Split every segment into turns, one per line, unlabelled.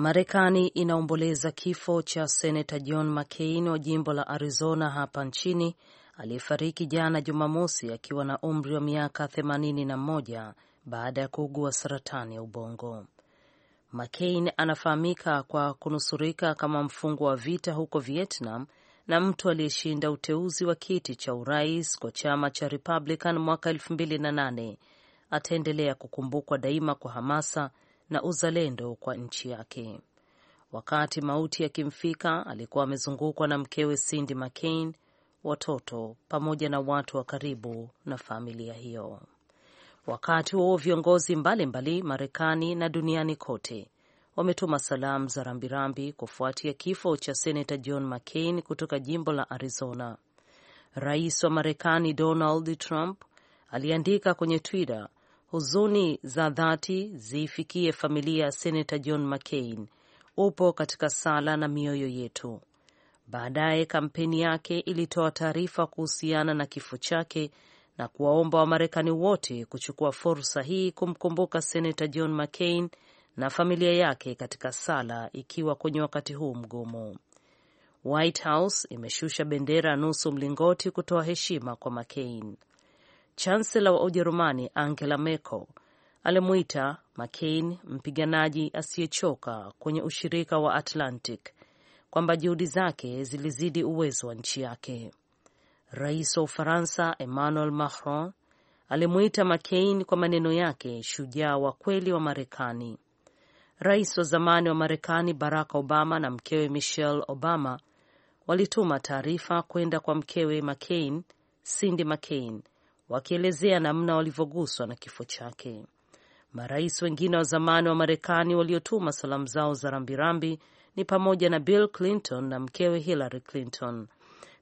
Marekani inaomboleza kifo cha senata John McCain wa jimbo la Arizona hapa nchini aliyefariki jana Jumamosi akiwa na umri wa miaka 81 baada ya kuugua saratani ya ubongo. McCain anafahamika kwa kunusurika kama mfungwa wa vita huko Vietnam na mtu aliyeshinda uteuzi wa kiti cha urais kwa chama cha Republican mwaka 2008. Ataendelea kukumbukwa daima kwa hamasa na uzalendo kwa nchi yake. Wakati mauti yakimfika, alikuwa amezungukwa na mkewe Cindy McCain, watoto pamoja na watu wa karibu na familia hiyo. Wakati huo viongozi mbalimbali Marekani na duniani kote wametuma salamu za rambirambi kufuatia kifo cha senata John McCain kutoka jimbo la Arizona. Rais wa Marekani Donald Trump aliandika kwenye Twitter huzuni za dhati ziifikie familia ya senata John McCain. Upo katika sala na mioyo yetu. Baadaye kampeni yake ilitoa taarifa kuhusiana na kifo chake na kuwaomba Wamarekani wote kuchukua fursa hii kumkumbuka senata John McCain na familia yake katika sala, ikiwa kwenye wakati huu mgumu. White House imeshusha bendera nusu mlingoti kutoa heshima kwa McCain. Chansela wa Ujerumani Angela Merkel alimuita McCain mpiganaji asiyechoka kwenye ushirika wa Atlantic, kwamba juhudi zake zilizidi uwezo wa nchi yake. Rais wa Ufaransa Emmanuel Macron alimuita McCain kwa maneno yake, shujaa wa kweli wa Marekani. Rais wa zamani wa Marekani Barack Obama na mkewe Michelle Obama walituma taarifa kwenda kwa mkewe McCain, Cindy McCain, wakielezea namna walivyoguswa na kifo chake. Marais wengine wa zamani wa Marekani waliotuma salamu zao za rambirambi ni pamoja na Bill Clinton na mkewe Hillary Clinton,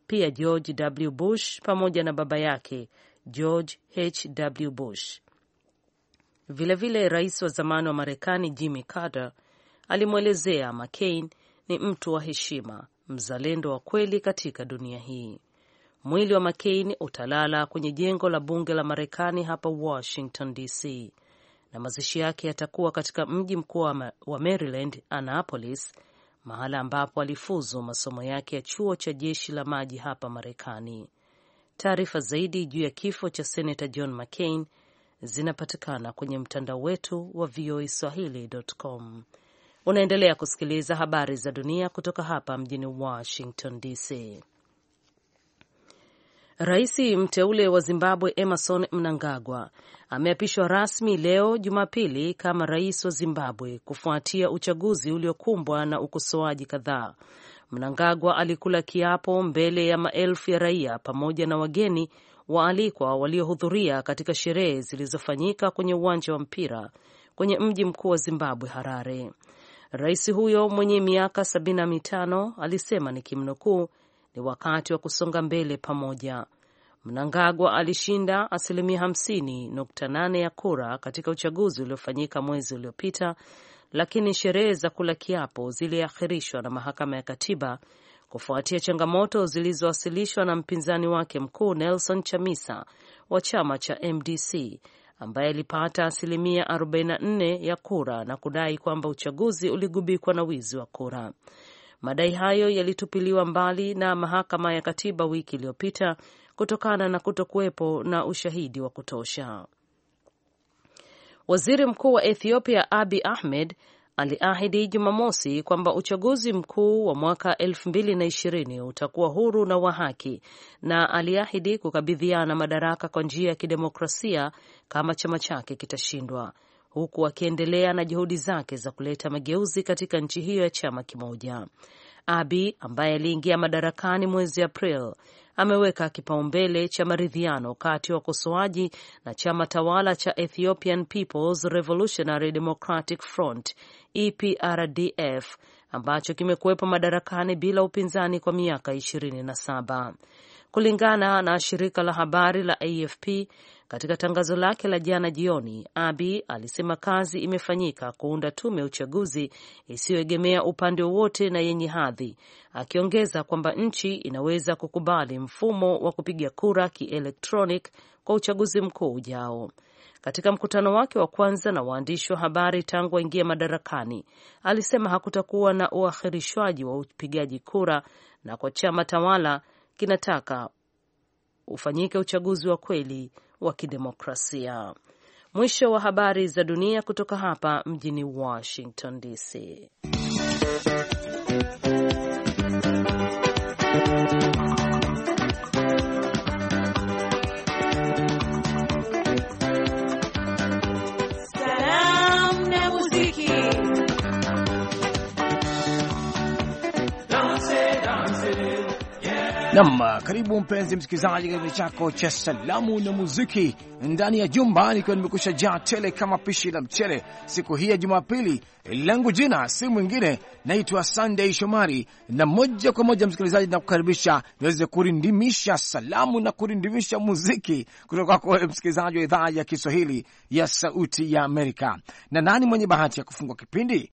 pia George W. Bush pamoja na baba yake George H. W. Bush. Vilevile vile rais wa zamani wa Marekani Jimmy Carter alimwelezea McCain ni mtu wa heshima, mzalendo wa kweli katika dunia hii. Mwili wa McCain utalala kwenye jengo la bunge la Marekani hapa Washington DC, na mazishi yake yatakuwa katika mji mkuu wa Maryland, Annapolis, mahala ambapo alifuzu masomo yake ya chuo cha jeshi la maji hapa Marekani. Taarifa zaidi juu ya kifo cha Senata John McCain zinapatikana kwenye mtandao wetu wa VOA Swahili.com. Unaendelea kusikiliza habari za dunia kutoka hapa mjini Washington DC. Rais mteule wa Zimbabwe Emerson Mnangagwa ameapishwa rasmi leo Jumapili kama rais wa Zimbabwe kufuatia uchaguzi uliokumbwa na ukosoaji kadhaa. Mnangagwa alikula kiapo mbele ya maelfu ya raia pamoja na wageni waalikwa waliohudhuria katika sherehe zilizofanyika kwenye uwanja wa mpira kwenye mji mkuu wa Zimbabwe, Harare. Rais huyo mwenye miaka sabini na mitano alisema nikimnukuu, ni wakati wa kusonga mbele pamoja. Mnangagwa alishinda asilimia 50.8 ya kura katika uchaguzi uliofanyika mwezi uliopita, lakini sherehe za kula kiapo ziliahirishwa na mahakama ya katiba kufuatia changamoto zilizowasilishwa na mpinzani wake mkuu Nelson Chamisa wa chama cha MDC ambaye alipata asilimia 44 ya kura na kudai kwamba uchaguzi uligubikwa na wizi wa kura. Madai hayo yalitupiliwa mbali na mahakama ya katiba wiki iliyopita kutokana na kutokuwepo na ushahidi wa kutosha. Waziri Mkuu wa Ethiopia Abi Ahmed aliahidi Jumamosi kwamba uchaguzi mkuu wa mwaka 2020 utakuwa huru na wa haki, na aliahidi kukabidhiana madaraka kwa njia ya kidemokrasia kama chama chake kitashindwa huku akiendelea na juhudi zake za kuleta mageuzi katika nchi hiyo ya chama kimoja. Abi ambaye aliingia madarakani mwezi April ameweka kipaumbele cha maridhiano kati ya wakosoaji na chama tawala cha Ethiopian People's Revolutionary Democratic Front EPRDF ambacho kimekuwepo madarakani bila upinzani kwa miaka ishirini na saba kulingana na shirika la habari la AFP. Katika tangazo lake la jana jioni, Abi alisema kazi imefanyika kuunda tume ya uchaguzi isiyoegemea upande wowote na yenye hadhi, akiongeza kwamba nchi inaweza kukubali mfumo wa kupiga kura kielektronic kwa uchaguzi mkuu ujao. Katika mkutano wake wa kwanza na waandishi wa habari tangu aingia madarakani, alisema hakutakuwa na uakhirishwaji wa upigaji kura, na kwa chama tawala kinataka ufanyike uchaguzi wa kweli wa kidemokrasia. Mwisho wa habari za dunia kutoka hapa mjini Washington DC.
Karibu mpenzi msikilizaji, kipindi chako cha salamu na muziki ndani ya jumba, nikiwa nimekusha jaa tele kama pishi la mchele siku hii ya Jumapili. Langu jina si mwingine, naitwa Sunday Shomari, na moja kwa moja msikilizaji, nakukaribisha niweze kurindimisha salamu na kurindimisha muziki kutoka kwako wewe msikilizaji wa idhaa ya Kiswahili ya Sauti ya Amerika. Na nani mwenye bahati ya kufungua kipindi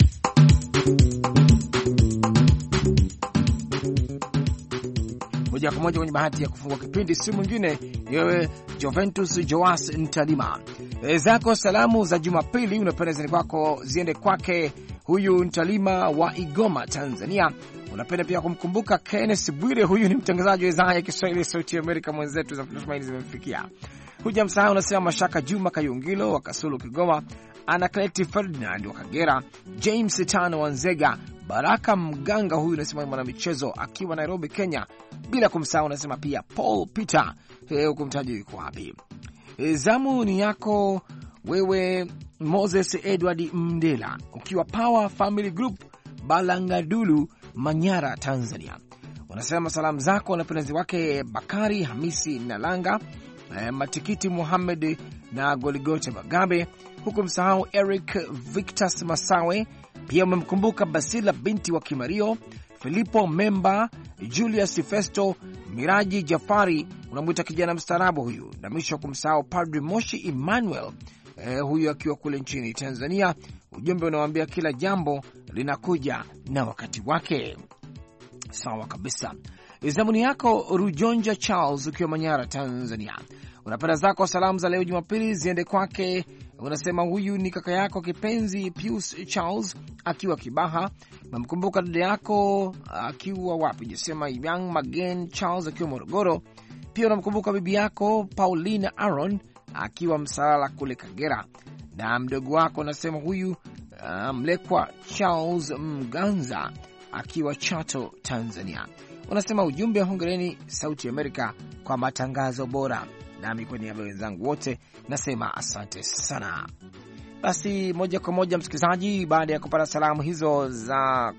Moja kwa moja kwenye bahati ya kufungua kipindi, si mwingine yewe Joventus Joas Ntalima. E, zako salamu za Jumapili unapenda zini kwako ziende kwake huyu Ntalima wa Igoma, Tanzania. Unapenda pia kumkumbuka Kenneth Bwire, huyu ni mtangazaji wa idhaa ya Kiswahili ya Sauti ya Amerika mwenzetu, za matumaini zimemfikia Huja msahau unasema Mashaka Juma Kayungilo wa Kasulu, Kigoma, Anakleti Ferdinand wa Kagera, James Tano wa Nzega, Baraka Mganga, huyu unasema mwanamichezo akiwa Nairobi, Kenya, bila kumsahau unasema pia Paul Peter, eh, hukumtaji yuko wapi. Eh, zamu ni yako wewe Moses Edward Mdela ukiwa Power Family Group Balangadulu, Manyara, Tanzania, unasema salamu zako na mpenzi wake Bakari Hamisi Nalanga Matikiti Muhammed na Goligote Magabe, huku msahau Eric Victas Masawe. Pia umemkumbuka Basila binti wa Kimario, Filipo Memba, Julius Festo, Miraji Jafari, unamwita kijana mstaarabu huyu, na mwisho wa kumsahau Padri Moshi Emmanuel. Eh, huyu akiwa kule nchini Tanzania. Ujumbe unawaambia kila jambo linakuja na wakati wake. Sawa kabisa. Zamuni yako Rujonja Charles, ukiwa Manyara, Tanzania, unapenda zako salamu za leo Jumapili ziende kwake. Unasema huyu ni kaka yako kipenzi Pius Charles akiwa Kibaha, namkumbuka dada yako akiwa wapi, jasema Yang Magen Charles akiwa Morogoro. Pia unamkumbuka bibi yako Paulina Aaron akiwa Msalala kule Kagera, na mdogo wako unasema huyu uh, Mlekwa Charles Mganza akiwa Chato, Tanzania unasema ujumbe wa hongereni Sauti Amerika kwa matangazo bora. Nami kwa niaba ya wenzangu wote nasema asante sana. Basi moja kwa moja, msikilizaji, baada ya kupata salamu hizo za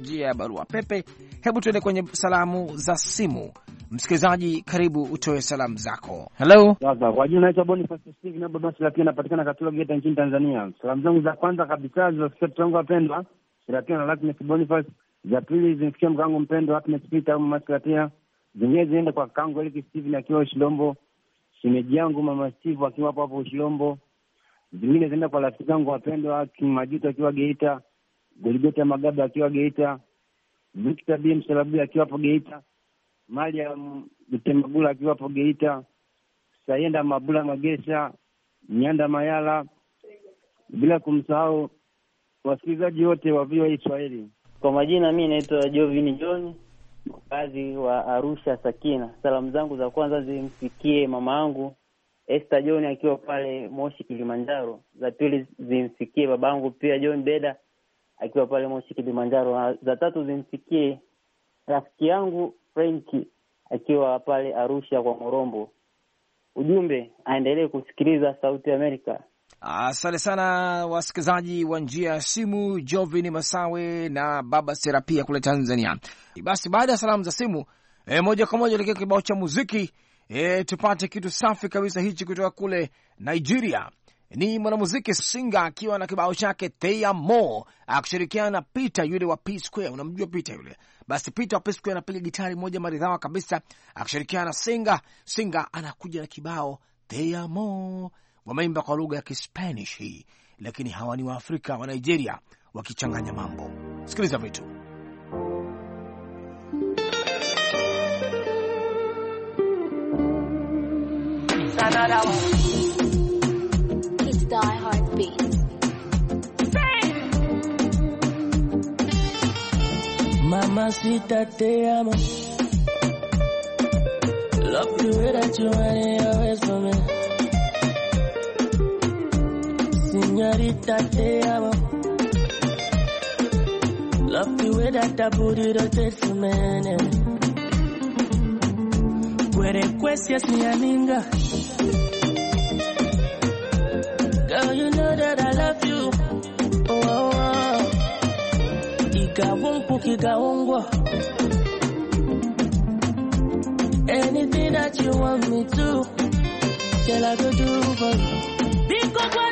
njia ya barua pepe, hebu tuende kwenye salamu za simu. Msikilizaji,
karibu utoe salamu zako. Hello, sasa kwa jina naitwa Boniface Steve na baba sila pia napatikana katika Geita nchini Tanzania. Salamu zangu za kwanza kabisa wangu sila pia na Boniface za pili zimefikia mkangu mpendo Happiness Peter au Maskatia, zingine ziende kwa kangu Eliki Steven akiwa Ushilombo, shemeji yangu mama Steve akiwa hapo hapo Ushilombo, zingine ziende kwa rafiki zangu wapendwa Kimajuto akiwa Geita, Goligota Magabe akiwa Geita, Victor B Msalabi akiwa hapo Geita, Mariam Mtemagula akiwa hapo Geita, Sayenda Mabula Magesha, Nyanda Mayala, bila kumsahau wasikilizaji wote wa VOA Swahili. Kwa majina mi naitwa Jovin John, mkazi wa Arusha Sakina. Salamu zangu za kwanza zimfikie mama yangu Esther John akiwa pale Moshi Kilimanjaro. Za pili zimfikie babangu pia John Beda akiwa pale Moshi Kilimanjaro. Za tatu zimfikie rafiki yangu Frenki akiwa pale Arusha kwa Morombo. Ujumbe aendelee kusikiliza Sauti Amerika
Asante sana wasikilizaji wa njia ya simu, Jovin Masawe na Baba Serapia kule Tanzania. Basi baada ya salamu za simu e, moja kwa moja elekea kibao cha muziki e, tupate kitu safi kabisa hichi kutoka kule Nigeria. Ni mwanamuziki Singa akiwa na kibao chake Thea Mo akishirikiana na Peter yule wa P Square. Unamjua Peter yule? Basi Peter wa P Square anapiga gitari moja maridhawa kabisa akishirikiana na Singa. Singa anakuja na kibao Thea Mo wameimba kwa lugha ya Kispanish hii, lakini hawa ni Waafrika wa Nigeria wakichanganya mambo. Sikiliza vitu
te amo. Love you Senorita, te amo. Love the way that that booty rotates, for me. Where the questions, mi amiga. Girl, you know that I love you. Oh, oh, oh. Igawonku, kigawongo. Anything that you want me to, girl, I go do for you. Because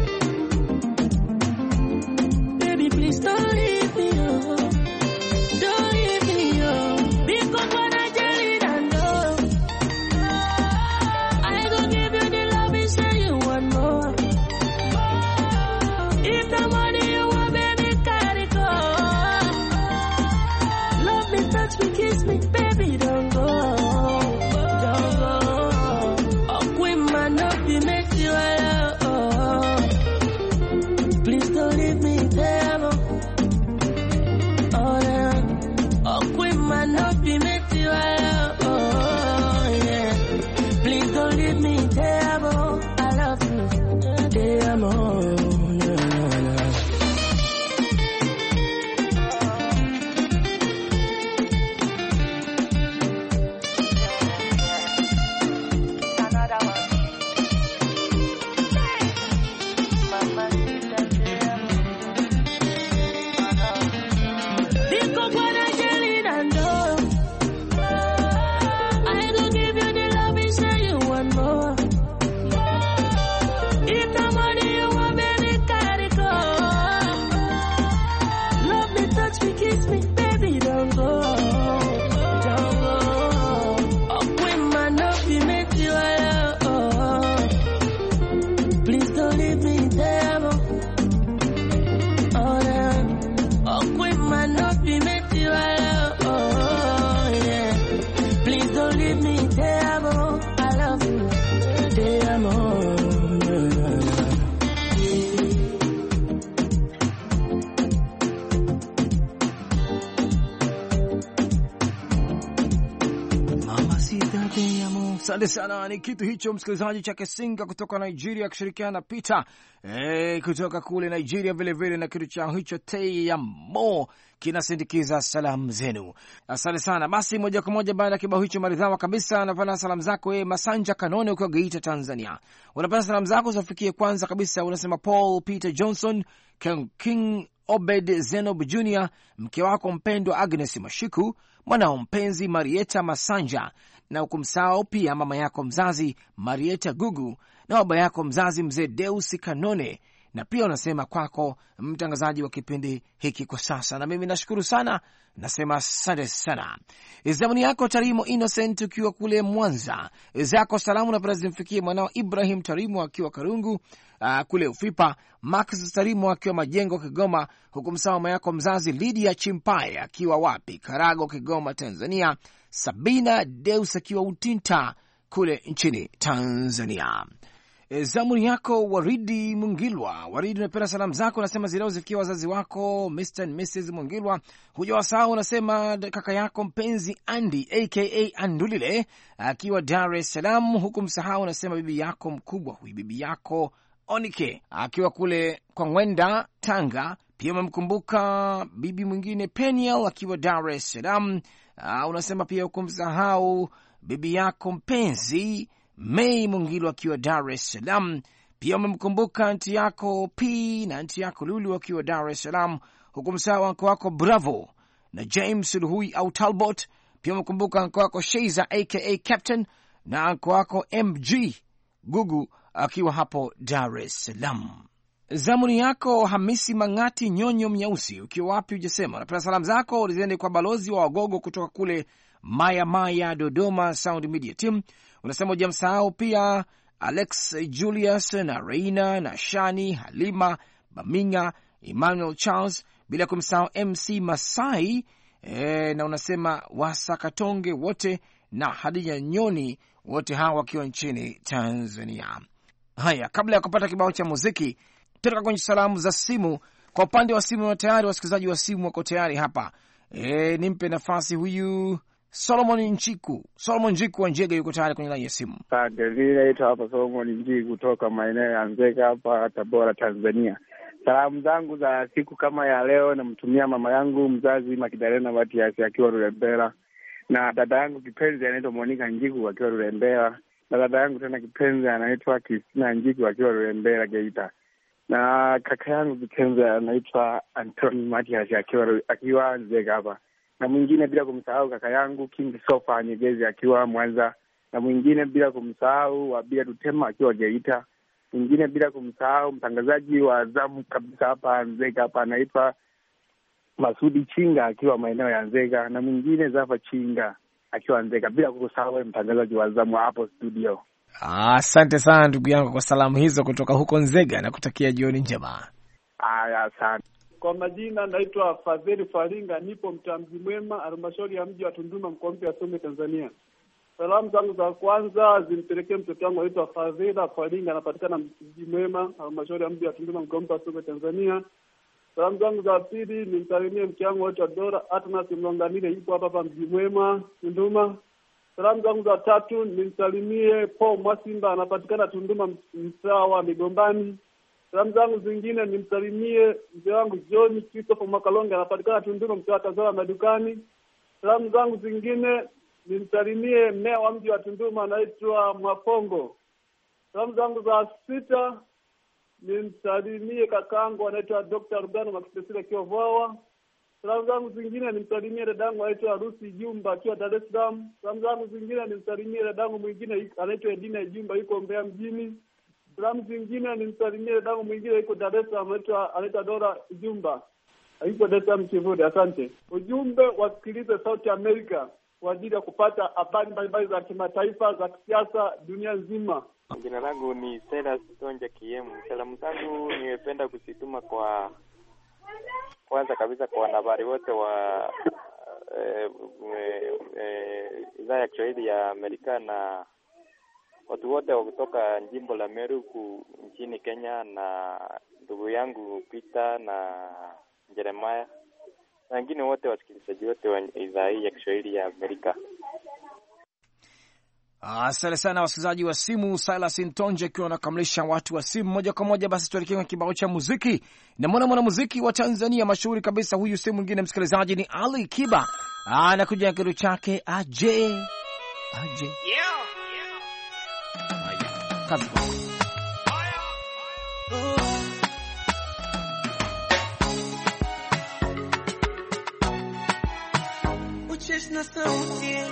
Asante sana, ni kitu hicho msikilizaji cha Kesinga kutoka Nigeria akishirikiana na Peter e, kutoka kule Nigeria vilevile vile, na kitu chao hicho tei ya mo kinasindikiza salamu zenu. Asante sana. Basi moja kwa moja baada ya kibao hicho maridhawa kabisa, napata salamu zako e, Masanja Kanone ukiwa Geita, Tanzania. Unapata salamu zako zafikie, kwanza kabisa unasema Paul Peter Johnson King Obed Zenob Jr, mke wako mpendwa Agnes Mashiku, mwanao mpenzi Marieta Masanja na ukumsao pia mama yako mzazi Marieta Gugu na baba yako mzazi mzee Deusi Kanone, na pia unasema kwako mtangazaji wa kipindi hiki kwa sasa. Na mimi nashukuru sana, nasema asante sana. Zamani yako Tarimo Innocent ukiwa kule Mwanza, zako salamu napenda zimfikie mwanao Ibrahim Tarimo akiwa Karungu uh, kule Ufipa, Max Tarimo akiwa Majengo Kigoma, huku msaa mama yako mzazi Lydia Chimpae akiwa wapi Karago Kigoma Tanzania, Sabina Deus akiwa Utinta kule nchini Tanzania. E, Zamuri yako Waridi Mungilwa. Waridi, unapenda salamu zako unasema zileo zifikia wazazi wako Mr. and Mrs. huja hujawasahau unasema kaka yako mpenzi Andi aka Andulile akiwa Dar es Salaam, huku msahau unasema bibi yako mkubwa huyu bibi yako Onike akiwa kule kwa Ngwenda, Tanga. Pia umemkumbuka bibi mwingine Peniel akiwa Dar es Salaam, Uh, unasema pia hukumsahau bibi yako mpenzi Mei Mungilo akiwa Dar es Salaam. Pia umemkumbuka nti yako P na nti yako Lulu akiwa Dar es Salaam. Hukumsahau anko wako Bravo na James Luhui au Talbot. Pia umekumbuka anko wako Sheiza aka Captain na anko wako MG Gugu akiwa hapo Dar es Salaam. Zamuni yako Hamisi Mang'ati Nyonyo Mnyeusi, ukiwa wapi ujasema unapenda salamu zako ziende kwa balozi wa Wagogo kutoka kule Maya Maya, Dodoma. Sound Media Team unasema ujamsahau pia Alex Julius na Reina na Shani Halima Baminga, Emmanuel Charles, bila kumsahau MC Masai e, na unasema Wasakatonge wote na Hadija Nyoni wote hawa wakiwa nchini Tanzania. Haya, kabla ya kupata kibao cha muziki kutoka kwenye salamu za simu. Kwa upande wa simu tayari, wasikilizaji wa simu wako tayari hapa. E, nimpe nafasi huyu Solomon Njiku. Solomon Njiku wa Njega yuko tayari kwenye laini ya simu.
Asante. Mimi naitwa hapa Solomon Njiku kutoka maeneo ya Nzega hapa Tabora, Tanzania. Salamu zangu za siku kama ya leo namtumia mama yangu mzazi Makidarena Matiasi akiwa Rurembera, na dada yangu kipenzi anaitwa Monika Njiku akiwa Rurembera, na dada yangu tena kipenzi anaitwa Kristina Njiku akiwa Rurembera Geita na kaka yangu Vicenza anaitwa Antoni Matias akiwa akiwa hapa na mwingine bila kumsahau kaka yangu King Sofa Nyegezi akiwa Mwanza, na mwingine bila kumsahau Wabia Tutema akiwa Geita, mwingine bila kumsahau mtangazaji wa zamu kabisa hapa Nzega hapa anaitwa Masudi Chinga akiwa maeneo ya Nzega, na mwingine Zafa Chinga akiwa Nzega, bila kusahau mtangazaji wa zamu hapo studio.
Asante ah, sana ndugu yangu kwa salamu hizo kutoka huko Nzega na kutakia jioni njema.
Haya, asante. Kwa majina naitwa Fadheli Faringa, nipo mtaa Mji Mwema, halmashauri ya mji wa Tunduma, mkoa mpya wa Songwe, Tanzania. Salamu zangu za kwanza zimpelekee mtoto wangu anaitwa Fadhila Faringa, anapatikana Mji Mwema, halmashauri ya mji wa Tunduma, mkoa mpya wa Songwe, Tanzania. Salamu zangu za pili nimsalimie mke wangu anaitwa Dora Atnas Mlonganile, yupo hapa hapa Mji Mwema, Tunduma. Salamu zangu za tatu nimsalimie Paul Mwasimba, anapatikana Tunduma, mtaa wa Migombani. Salamu zangu zingine nimsalimie mzee wangu John Christopher Mwakalonge, anapatikana Tunduma, mtaa wa Tazara Madukani. Salamu zangu zingine nimsalimie mmea wa mji wa Tunduma, anaitwa Mwakongo. Salamu zangu za sita nimsalimie kakaangu anaitwa Dr. Rugano Makipesile Kiovwawa. Salamu zangu zingine nimsalimie dadangu anaitwa Harusi Jumba akiwa Dar es Salaam. Salamu zangu zingine nimsalimie dadangu mwingine anaitwa Edina Jumba yuko Mbeya mjini. Salamu zingine nimsalimie dadangu mwingine yuko Dar es Salaam anaitwa Dora Jumba yuko Dar es Salaam Kivule. Asante. Ujumbe wasikilize Sauti Amerika kwa ajili ya kupata habari mbalimbali za kimataifa za kisiasa dunia nzima.
Jina langu ni Selas Tonja Kiemu. Salamu zangu nimependa kusituma kwa kwanza kabisa kwa wanahabari wote wa eh, eh, eh, idhaa ya Kiswahili ya Amerika na watu wote wa kutoka jimbo la Meru nchini Kenya, na ndugu yangu Peter na Jeremiah na wengine wote wasikilizaji wote wa idhaa hii ya Kiswahili ya Amerika.
Asante sana wasikilizaji wa simu. Silas Ntonje akiwa anakamilisha watu wa simu moja kwa moja. Basi tuelekee kwenye kibao cha muziki na mwana mwanamuziki wa Tanzania mashuhuri kabisa huyu, si mwingine msikilizaji, ni Ali Kiba anakuja na kitu chake aje aje,
yeah. Yeah.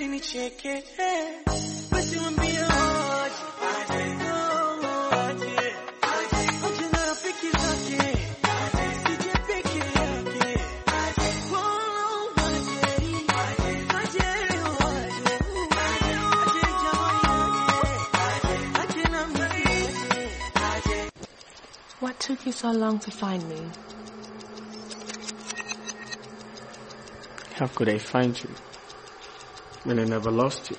usinicheke basi wambia waje aje What took you so long to find me?
How could I find you?
and I never lost you.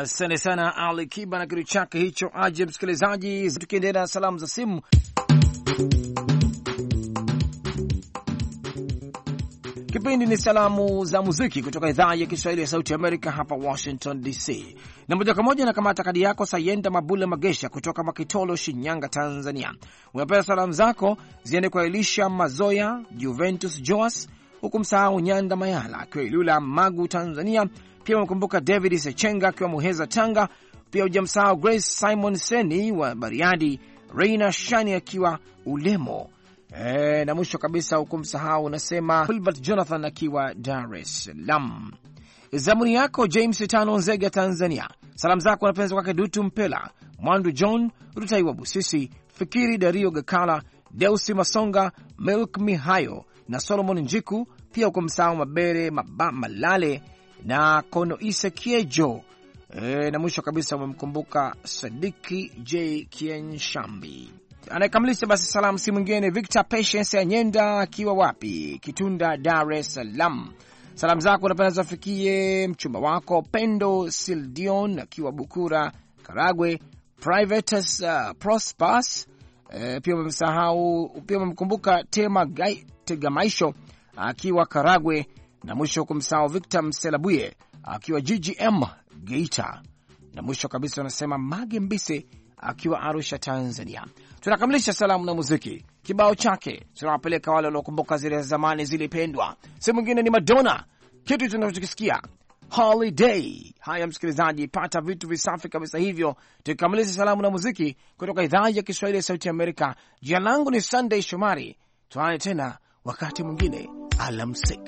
Asante sana Ali Kiba na kitu chake hicho. Aje msikilizaji, tukiendelea na salamu za simu Kipindi ni salamu za muziki kutoka idhaa ya Kiswahili ya Sauti Amerika hapa Washington DC, na moja kwa moja nakamata kadi yako Sayenda Mabula Magesha kutoka Makitolo, Shinyanga, Tanzania. Unapenda salamu zako ziende kwa Elisha Mazoya, Juventus Joas, huku msahau Nyanda Mayala akiwa Ilula, Magu, Tanzania. Pia wamkumbuka David Sechenga akiwa Muheza, Tanga. Pia hujamsahau Grace Simon Seni wa Bariadi, Reina Shani akiwa Ulemo. E, na mwisho kabisa hukumsahau unasema Wilbert Jonathan akiwa Dar es Salaam. Zamuni yako James Tano Nzega, Tanzania. Salamu zako napenza kwake Dutu Mpela Mwandu, John Rutaiwa, Busisi Fikiri, Dario Gakala, Deusi Masonga, Milk Mihayo na Solomon Njiku, pia huko msahau Mabere Maba, Malale na Konoise Kiejo. E, na mwisho kabisa umemkumbuka Sadiki J Kienshambi anayekamilisha basi salamu si mwingine Victor Patience Anyenda akiwa wapi Kitunda, Dar es Salaam. Salamu zako unapenda zafikie mchumba wako Pendo Sildion akiwa Bukura, Karagwe, Privatus uh, Prospas. E, pia umemsahau pia umemkumbuka Tema Gai, Maisho akiwa Karagwe, na mwisho kumsahau Victor Mselabuye akiwa GGM Geita, na mwisho kabisa wanasema Mage Mbise akiwa Arusha, Tanzania. Tunakamilisha salamu na muziki kibao chake, tunawapeleka wale waliokumbuka zile zamani zilipendwa. sehemu mwingine ni Madonna, kitu tunachokisikia Holiday. Haya msikilizaji, pata vitu visafi kabisa hivyo, tukamilisha salamu na muziki kutoka idhaa ya Kiswahili ya Sauti Amerika. Jina langu ni Sunday Shomari, tuane tena wakati mwingine alamsik.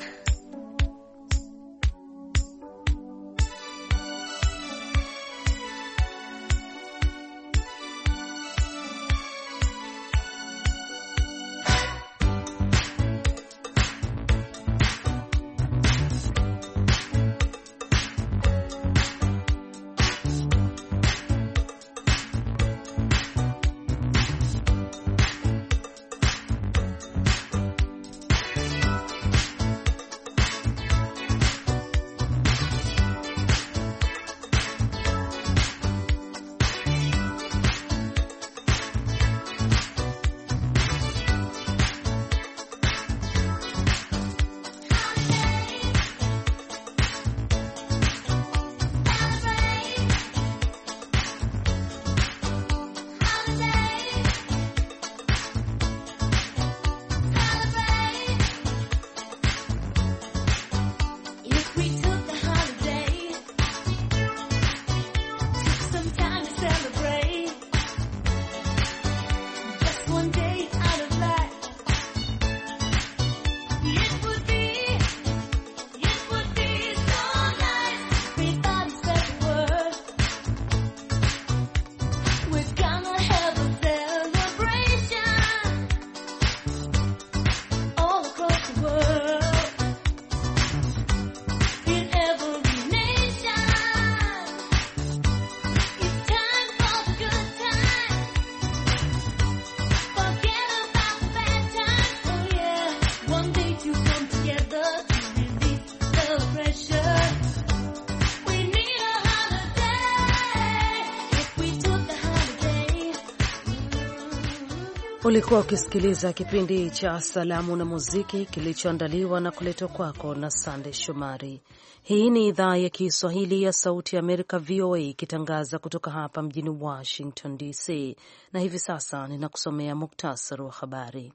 Ulikuwa ukisikiliza kipindi cha salamu na muziki kilichoandaliwa na kuletwa kwako na Sande Shomari. Hii ni idhaa ya Kiswahili ya Sauti ya Amerika, VOA, ikitangaza kutoka hapa mjini Washington DC. Na hivi sasa ninakusomea muktasari wa habari.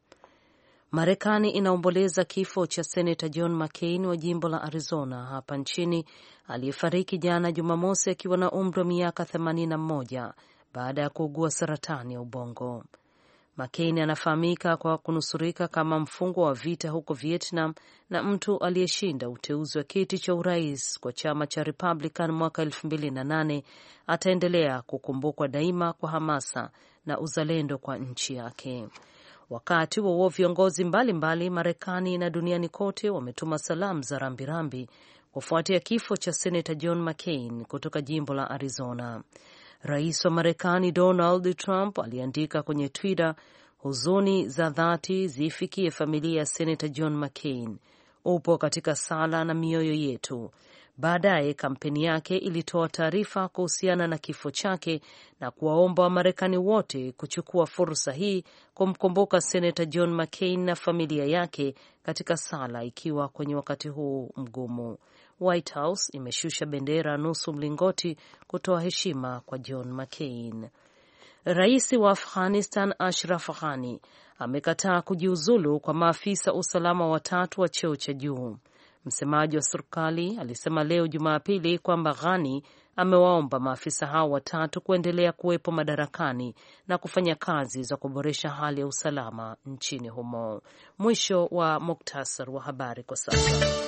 Marekani inaomboleza kifo cha senata John McCain wa jimbo la Arizona hapa nchini, aliyefariki jana Jumamosi akiwa na umri wa miaka 81 baada ya kuugua saratani ya ubongo. McCain anafahamika kwa kunusurika kama mfungwa wa vita huko Vietnam na mtu aliyeshinda uteuzi wa kiti cha urais kwa chama cha Republican mwaka 2008 ataendelea kukumbukwa daima kwa hamasa na uzalendo kwa nchi yake. Wakati wauo viongozi mbalimbali Marekani na duniani kote wametuma salamu za rambirambi kufuatia kifo cha senata John McCain kutoka jimbo la Arizona. Rais wa Marekani Donald Trump aliandika kwenye Twitter, huzuni za dhati ziifikie familia ya Senata John McCain, upo katika sala na mioyo yetu. Baadaye kampeni yake ilitoa taarifa kuhusiana na kifo chake na kuwaomba Wamarekani wote kuchukua fursa hii kumkumbuka Senata John McCain na familia yake katika sala, ikiwa kwenye wakati huu mgumu. White House imeshusha bendera nusu mlingoti kutoa heshima kwa John McCain. Rais wa Afghanistan Ashraf Ghani amekataa kujiuzulu kwa maafisa usalama watatu wa cheo cha juu. Msemaji wa serikali alisema leo Jumapili kwamba Ghani amewaomba maafisa hao watatu kuendelea kuwepo madarakani na kufanya kazi za kuboresha hali ya usalama nchini humo. Mwisho wa muktasar wa habari kwa sasa.